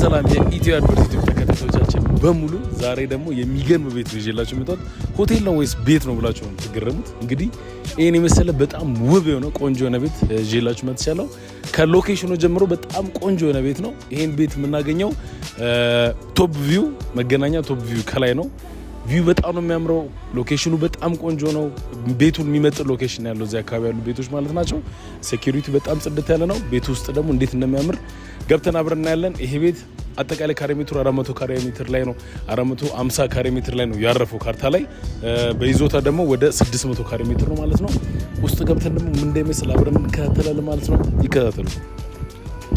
ሰላም ሰላም የኢትዮ አድቨርት ዩቲዩብ ተከታታዮቻችን በሙሉ ዛሬ ደግሞ የሚገርም ቤት ነው ይዤላችሁ መጣሁት። ሆቴል ነው ወይስ ቤት ነው ብላችሁ ነው የምትገረሙት። እንግዲህ ይህን የመሰለ በጣም ውብ የሆነ ቆንጆ የሆነ ቤት ይዤላችሁ መጥቻለሁ። ከሎኬሽኑ ጀምሮ በጣም ቆንጆ የሆነ ቤት ነው። ይህን ቤት የምናገኘው ቶፕ ቪው መገናኛ ቶፕ ቪው ከላይ ነው። ቪው በጣም ነው የሚያምረው። ሎኬሽኑ በጣም ቆንጆ ነው። ቤቱን የሚመጥን ሎኬሽን ያለው እዚህ አካባቢ ያሉ ቤቶች ማለት ናቸው። ሴኪሪቲ በጣም ጽድት ያለ ነው። ቤቱ ውስጥ ደግሞ እንዴት እንደሚያምር ገብተን አብረን እናያለን። ይሄ ቤት አጠቃላይ ካሬ ሜትሩ 400 ካሬ ሜትር ላይ ነው 450 ካሬ ሜትር ላይ ነው ያረፈው ካርታ ላይ። በይዞታ ደግሞ ወደ 600 ካሬ ሜትር ነው ማለት ነው። ውስጥ ገብተን ደግሞ ምን እንደሚመስል አብረን እንከታተላለን ማለት ነው። ይከታተሉ።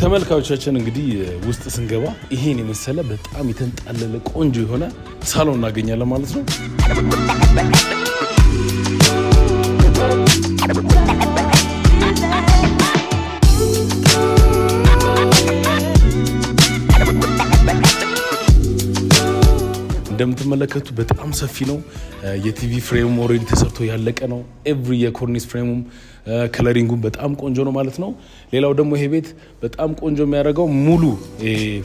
ተመልካዮቻችን እንግዲህ ውስጥ ስንገባ ይሄን የመሰለ በጣም የተንጣለለ ቆንጆ የሆነ ሳሎን እናገኛለን ማለት ነው። እንደምትመለከቱ በጣም ሰፊ ነው። የቲቪ ፍሬም ኦልሬዲ ተሰርቶ ያለቀ ነው። ኤቭሪ የኮርኒስ ፍሬሙም ከለሪንጉን በጣም ቆንጆ ነው ማለት ነው። ሌላው ደግሞ ይሄ ቤት በጣም ቆንጆ የሚያደርገው ሙሉ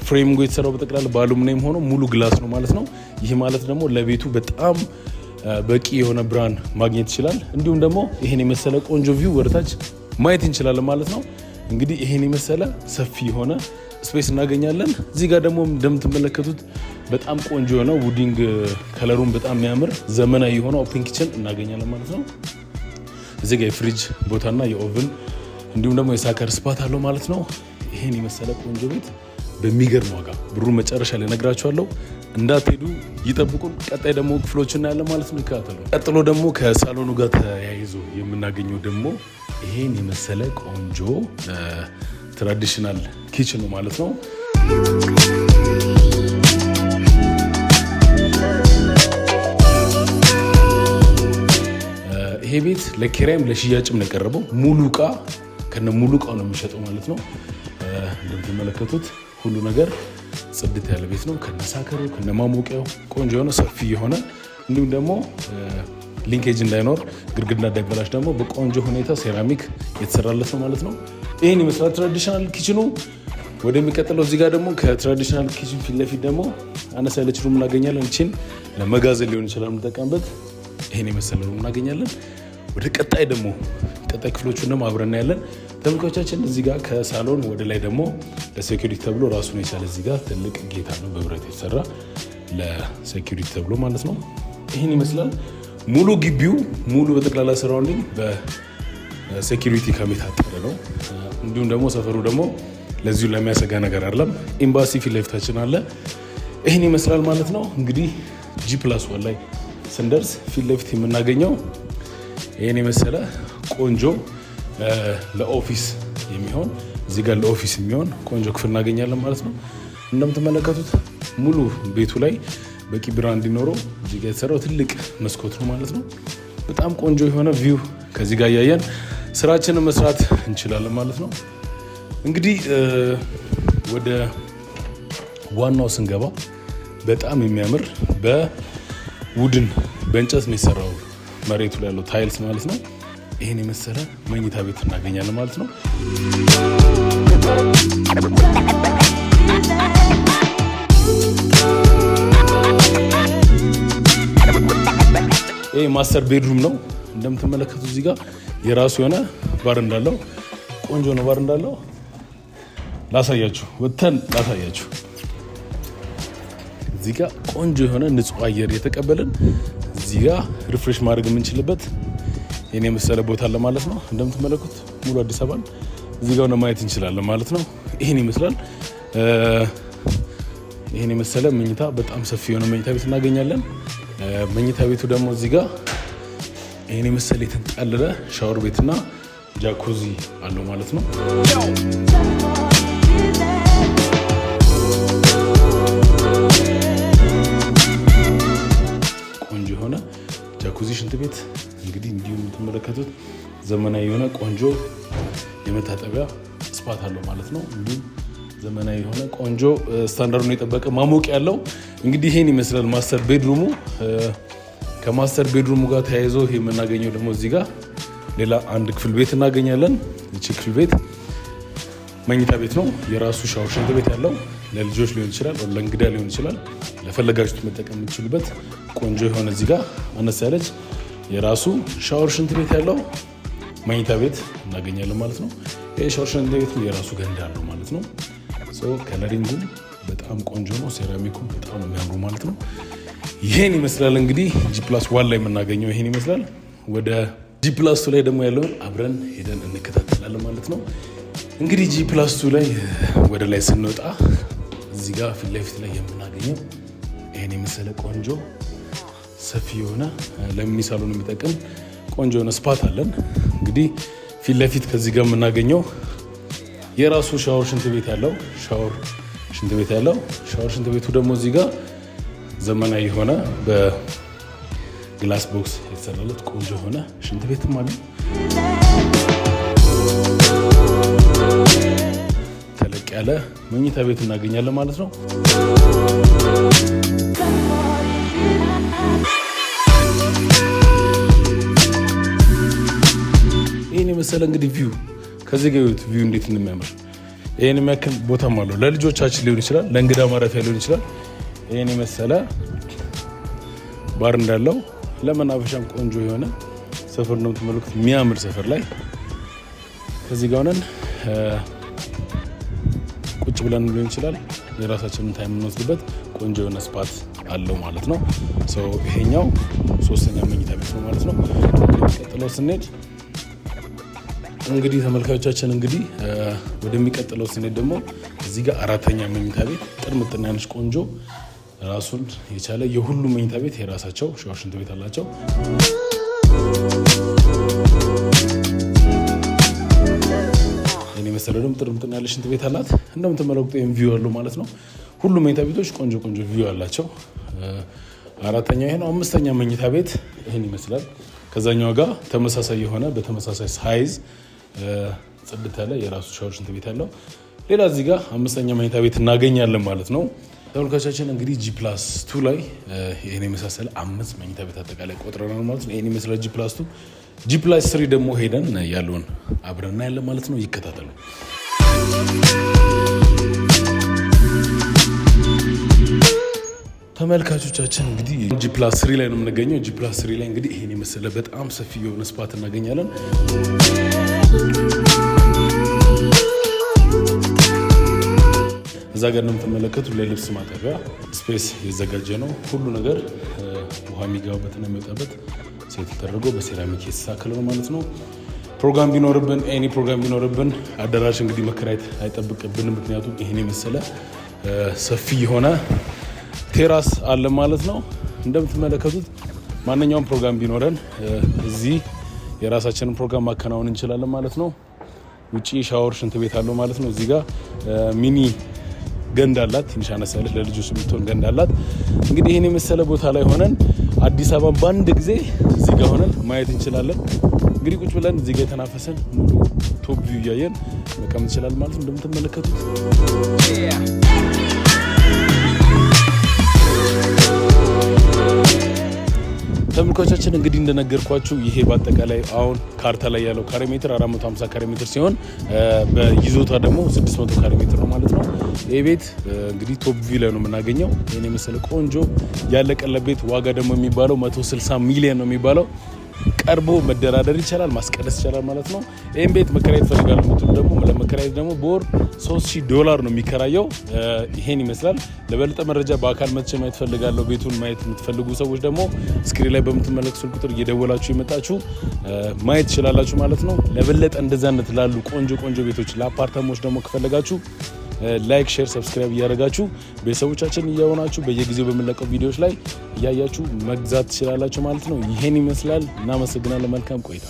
ፍሬሚንጉ የተሰራው በጠቅላላ በአሉሚኒየም ሆኖ ሙሉ ግላስ ነው ማለት ነው። ይህ ማለት ደግሞ ለቤቱ በጣም በቂ የሆነ ብርሃን ማግኘት ይችላል። እንዲሁም ደግሞ ይህን የመሰለ ቆንጆ ቪው ወደታች ማየት እንችላለን ማለት ነው። እንግዲህ ይህን የመሰለ ሰፊ የሆነ ስፔስ እናገኛለን። እዚህ ጋር ደግሞ እንደምትመለከቱት በጣም ቆንጆ የሆነ ውዲንግ ከለሩን በጣም የሚያምር ዘመናዊ የሆነ ኦፕን ኪችን እናገኛለን ማለት ነው። እዚ ጋ የፍሪጅ ቦታና የኦቭን እንዲሁም ደግሞ የሳከር ስፓት አለው ማለት ነው። ይሄን የመሰለ ቆንጆ ቤት በሚገርም ዋጋ ብሩ መጨረሻ ላይ ነግራችኋለሁ። እንዳትሄዱ ይጠብቁን። ቀጣይ ደግሞ ክፍሎች እናያለን ማለት ነው። ይከታተሉ። ቀጥሎ ደግሞ ከሳሎኑ ጋር ተያይዞ የምናገኘው ደግሞ ይሄን የመሰለ ቆንጆ ትራዲሽናል ኪችን ነው ማለት ነው። ቤት ለኪራይም ለሽያጭም ነው የቀረበው። ሙሉ እቃ ከነ ሙሉ እቃ ነው የሚሸጠው ማለት ነው። እንደምትመለከቱት ሁሉ ነገር ጽድት ያለ ቤት ነው። ከነሳከሩ ከነማሞቂያው ቆንጆ የሆነ ሰፊ የሆነ እንዲሁም ደግሞ ሊንኬጅ እንዳይኖር ግድግዳ እንዳይበላሽ ደግሞ በቆንጆ ሁኔታ ሴራሚክ የተሰራለት ነው ማለት ነው። ይህን ይመስላል ትራዲሽናል ኪችኑ። ወደሚቀጥለው እዚህ ጋር ደግሞ ከትራዲሽናል ኪችን ፊት ለፊት ደግሞ አነስ ያለች ሩም እናገኛለን። እችን ለመጋዘን ሊሆን ይችላል የምንጠቀምበት። ይህን የመሰለ ሩም እናገኛለን። ወደ ቀጣይ ደግሞ ቀጣይ ክፍሎቹን ደግሞ አብረና ያለን ተመልካቻችን እዚህ ጋር ከሳሎን ወደ ላይ ደግሞ ለሴኪሪቲ ተብሎ ራሱን የቻለ እዚህ ጋር ትልቅ ጌታ ነው፣ በብረት የተሰራ ለሴኪሪቲ ተብሎ ማለት ነው። ይህን ይመስላል ሙሉ ግቢው ሙሉ በጠቅላላ ሰራውንዲንግ በሴኪሪቲ ከሚታጠረ ነው። እንዲሁም ደግሞ ሰፈሩ ደግሞ ለዚሁ ለሚያሰጋ ነገር አለም ኤምባሲ ፊት ለፊታችን አለ። ይህን ይመስላል ማለት ነው። እንግዲህ ጂ ፕላስ ወን ላይ ስንደርስ ፊት ለፊት የምናገኘው ይህን የመሰለ ቆንጆ ለኦፊስ የሚሆን እዚህ ጋር ለኦፊስ የሚሆን ቆንጆ ክፍል እናገኛለን ማለት ነው። እንደምትመለከቱት ሙሉ ቤቱ ላይ በቂ ብርሃን እንዲኖረው እዚህ ጋር የተሰራው ትልቅ መስኮት ነው ማለት ነው። በጣም ቆንጆ የሆነ ቪው ከዚህ ጋር እያየን ስራችንን መስራት እንችላለን ማለት ነው። እንግዲህ ወደ ዋናው ስንገባ በጣም የሚያምር በውድን በእንጨት ነው የተሰራው መሬቱ ላይ ያለው ታይልስ ማለት ነው። ይህን የመሰለ መኝታ ቤት እናገኛለን ማለት ነው። ይህ ማስተር ቤድሩም ነው እንደምትመለከቱ እዚህ ጋር የራሱ የሆነ ባር እንዳለው ቆንጆ ነው። ባር እንዳለው ላሳያችሁ፣ ወተን ላሳያችሁ። እዚህ ጋር ቆንጆ የሆነ ንጹህ አየር የተቀበልን እዚህ ጋር ሪፍሬሽ ማድረግ የምንችልበት የኔ የመሰለ ቦታ አለ ማለት ነው። እንደምትመለከቱት ሙሉ አዲስ አበባን እዚህ ጋር ማየት እንችላለን ማለት ነው። ይህን ይመስላል። ይህን የመሰለ መኝታ በጣም ሰፊ የሆነ መኝታ ቤት እናገኛለን። መኝታ ቤቱ ደግሞ እዚህ ጋር ይህን የመሰለ የተንጠለለ ሻወር ቤትና ጃኩዚ አለው ማለት ነው። ቤት እንግዲህ እንዲሁ የምትመለከቱት ዘመናዊ የሆነ ቆንጆ የመታጠቢያ ስፓት አለው ማለት ነው። እንዲሁም ዘመናዊ የሆነ ቆንጆ ስታንዳርዱን የጠበቀ ማሞቅ ያለው እንግዲህ ይሄን ይመስላል ማስተር ቤድሩሙ። ከማስተር ቤድሩሙ ጋር ተያይዞ የምናገኘው ደግሞ እዚህ ጋር ሌላ አንድ ክፍል ቤት እናገኛለን። እቺ ክፍል ቤት መኝታ ቤት ነው። የራሱ ሻወር፣ ሽንት ቤት ያለው ለልጆች ሊሆን ይችላል፣ ለእንግዳ ሊሆን ይችላል፣ ለፈለጋችሁት መጠቀም የምትችሉበት ቆንጆ የሆነ እዚህ ጋር አነስ ያለች የራሱ ሻወር ሽንት ቤት ያለው መኝታ ቤት እናገኛለን ማለት ነው። ይህ ሻወር ሽንት ቤት የራሱ ገንዳ አለው ማለት ነው። ከለሪንጉ በጣም ቆንጆ ነው። ሴራሚኩ በጣም የሚያምሩ ማለት ነው። ይሄን ይመስላል እንግዲህ ጂ ፕላስ ዋን ላይ የምናገኘው ይሄን ይመስላል። ወደ ጂ ፕላስ ቱ ላይ ደግሞ ያለውን አብረን ሄደን እንከታተላለን ማለት ነው። እንግዲህ ጂ ፕላስ ቱ ላይ ወደ ላይ ስንወጣ እዚህ ጋር ፊት ለፊት ላይ የምናገኘው ይህን የመሰለ ቆንጆ ሰፊ የሆነ ለሚሳሉን የሚጠቅም ቆንጆ የሆነ ስፓት አለን። እንግዲህ ፊት ለፊት ከዚህ ጋር የምናገኘው የራሱ ሻወር ሽንት ቤት ያለው ሻወር ሽንት ቤት ያለው ሻወር ሽንት ቤቱ ደግሞ እዚህ ጋር ዘመናዊ የሆነ በግላስ ቦክስ የተሰራለት ቆንጆ የሆነ ሽንት ቤትም አለ። ተለቅ ያለ መኝታ ቤት እናገኛለን ማለት ነው። የመሰለ እንግዲህ ቪው ከዚህ ጋር ይኸውት፣ ቪው እንዴት እንደሚያምር ይህን የሚያክል ቦታም አለው። ለልጆቻችን ሊሆን ይችላል፣ ለእንግዳ ማረፊያ ሊሆን ይችላል። ይህን የመሰለ ባር እንዳለው ለመናፈሻም ቆንጆ የሆነ ሰፈር ነው የምትመለከቱት። የሚያምር ሰፈር ላይ ከዚህ ጋር ሆነን ቁጭ ብለን ሊሆን ይችላል የራሳችንን ታይም የምንወስድበት ቆንጆ የሆነ ስፓት አለው ማለት ነው። ይሄኛው ሶስተኛ መኝታ ቤት ነው ማለት ነው። ቀጥለው ስንሄድ እንግዲህ ተመልካዮቻችን እንግዲህ ወደሚቀጥለው ስኔት ደግሞ እዚህ ጋር አራተኛ መኝታ ቤት ጥርምጥና ያለች ቆንጆ ራሱን የቻለ የሁሉ መኝታ ቤት የራሳቸው ሻወር፣ ቤት አላቸው። መሰለ ደግሞ ጥርምጥና ያለ ሽንት ቤት አላት። እንደምትመለከቱ ይህም ቪው አሉ ማለት ነው። ሁሉ መኝታ ቤቶች ቆንጆ ቆንጆ ቪው አላቸው። አራተኛ ይሄ ነው። አምስተኛ መኝታ ቤት ይህን ይመስላል። ከዛኛው ጋር ተመሳሳይ የሆነ በተመሳሳይ ሳይዝ ጽድት ያለ የራሱ ሻወር ሽንት ቤት ያለው ሌላ እዚህ ጋር አምስተኛ መኝታ ቤት እናገኛለን ማለት ነው። ተመልካቻችን እንግዲህ ጂ ፕላስ ቱ ላይ ይህን የመሳሰለ አምስት መኝታ ቤት አጠቃላይ ቆጥረናል ማለት ነው። ይህን የመስላ ጂ ፕላስ ቱ ጂ ፕላስ ስሪ ደግሞ ሄደን ያለውን አብረና ያለ ማለት ነው። ይከታተሉ። ተመልካቾቻችን እንግዲህ ጂ ፕላስ ስሪ ላይ ነው የምንገኘው። ጂ ፕላስ ስሪ ላይ እንግዲህ ይሄን የመሰለ በጣም ሰፊ የሆነ ስፓት እናገኛለን። እዛ ጋር እንደምትመለከቱ ለልብስ ማጠቢያ ስፔስ የዘጋጀ ነው። ሁሉ ነገር ውሃ የሚገባበትና የሚወጣበት ሴት ተደርጎ በሴራሚክ የተሳከለ ነው ማለት ነው። ፕሮግራም ቢኖርብን ኤኒ ፕሮግራም ቢኖርብን አዳራሽ እንግዲህ መከራየት አይጠብቅብን። ምክንያቱም ይህን የመሰለ ሰፊ የሆነ ቴራስ አለ ማለት ነው። እንደምትመለከቱት ማንኛውም ፕሮግራም ቢኖረን እዚህ የራሳችንን ፕሮግራም ማከናወን እንችላለን ማለት ነው። ውጭ ሻወር፣ ሽንት ቤት አለው ማለት ነው። እዚህ ጋር ሚኒ ገንድ አላት፣ ትንሽ አነስ ያለች ለልጆች የምትሆን አላት። እንግዲህ ይህን የመሰለ ቦታ ላይ ሆነን አዲስ አበባን በአንድ ጊዜ እዚህ ጋር ሆነን ማየት እንችላለን። እንግዲህ ቁጭ ብለን እዚህ ጋር የተናፈሰን ሙሉ ቶፕ ቪው እያየን መቀመጥ እንችላለን ማለት ነው እንደምትመለከቱት ተመልካቾቻችን እንግዲህ እንደነገርኳችሁ ይሄ በአጠቃላይ አሁን ካርታ ላይ ያለው ካሬ ሜትር 450 ካሬ ሜትር ሲሆን በይዞታ ደግሞ 600 ካሬ ሜትር ነው ማለት ነው። ይህ ቤት እንግዲህ ቶፕ ቪው ላይ ነው የምናገኘው። ይህን የመሰለ ቆንጆ ያለቀለ ቤት ዋጋ ደግሞ የሚባለው 160 ሚሊዮን ነው የሚባለው ቀርቦ መደራደር ይቻላል፣ ማስቀደስ ይቻላል ማለት ነው። ይህም ቤት መከራየት ይፈልጋሉ ምትሉ ደግሞ ለመከራየት ደግሞ በወር 3000 ዶላር ነው የሚከራየው። ይሄን ይመስላል። ለበለጠ መረጃ በአካል መቸ ማየት ፈልጋለሁ። ቤቱን ማየት የምትፈልጉ ሰዎች ደግሞ ስክሪን ላይ በምትመለከቱት ቁጥር እየደወላችሁ የመጣችሁ ማየት ትችላላችሁ ማለት ነው። ለበለጠ እንደዛነት ላሉ ቆንጆ ቆንጆ ቤቶች ለአፓርታማዎች ደግሞ ከፈለጋችሁ ላይክ፣ ሼር፣ ሰብስክራይብ እያደረጋችሁ ቤተሰቦቻችን እየሆናችሁ በየጊዜው በምንለቀው ቪዲዮዎች ላይ እያያችሁ መግዛት ትችላላችሁ ማለት ነው። ይሄን ይመስላል። እናመሰግናለን። መልካም ቆይታ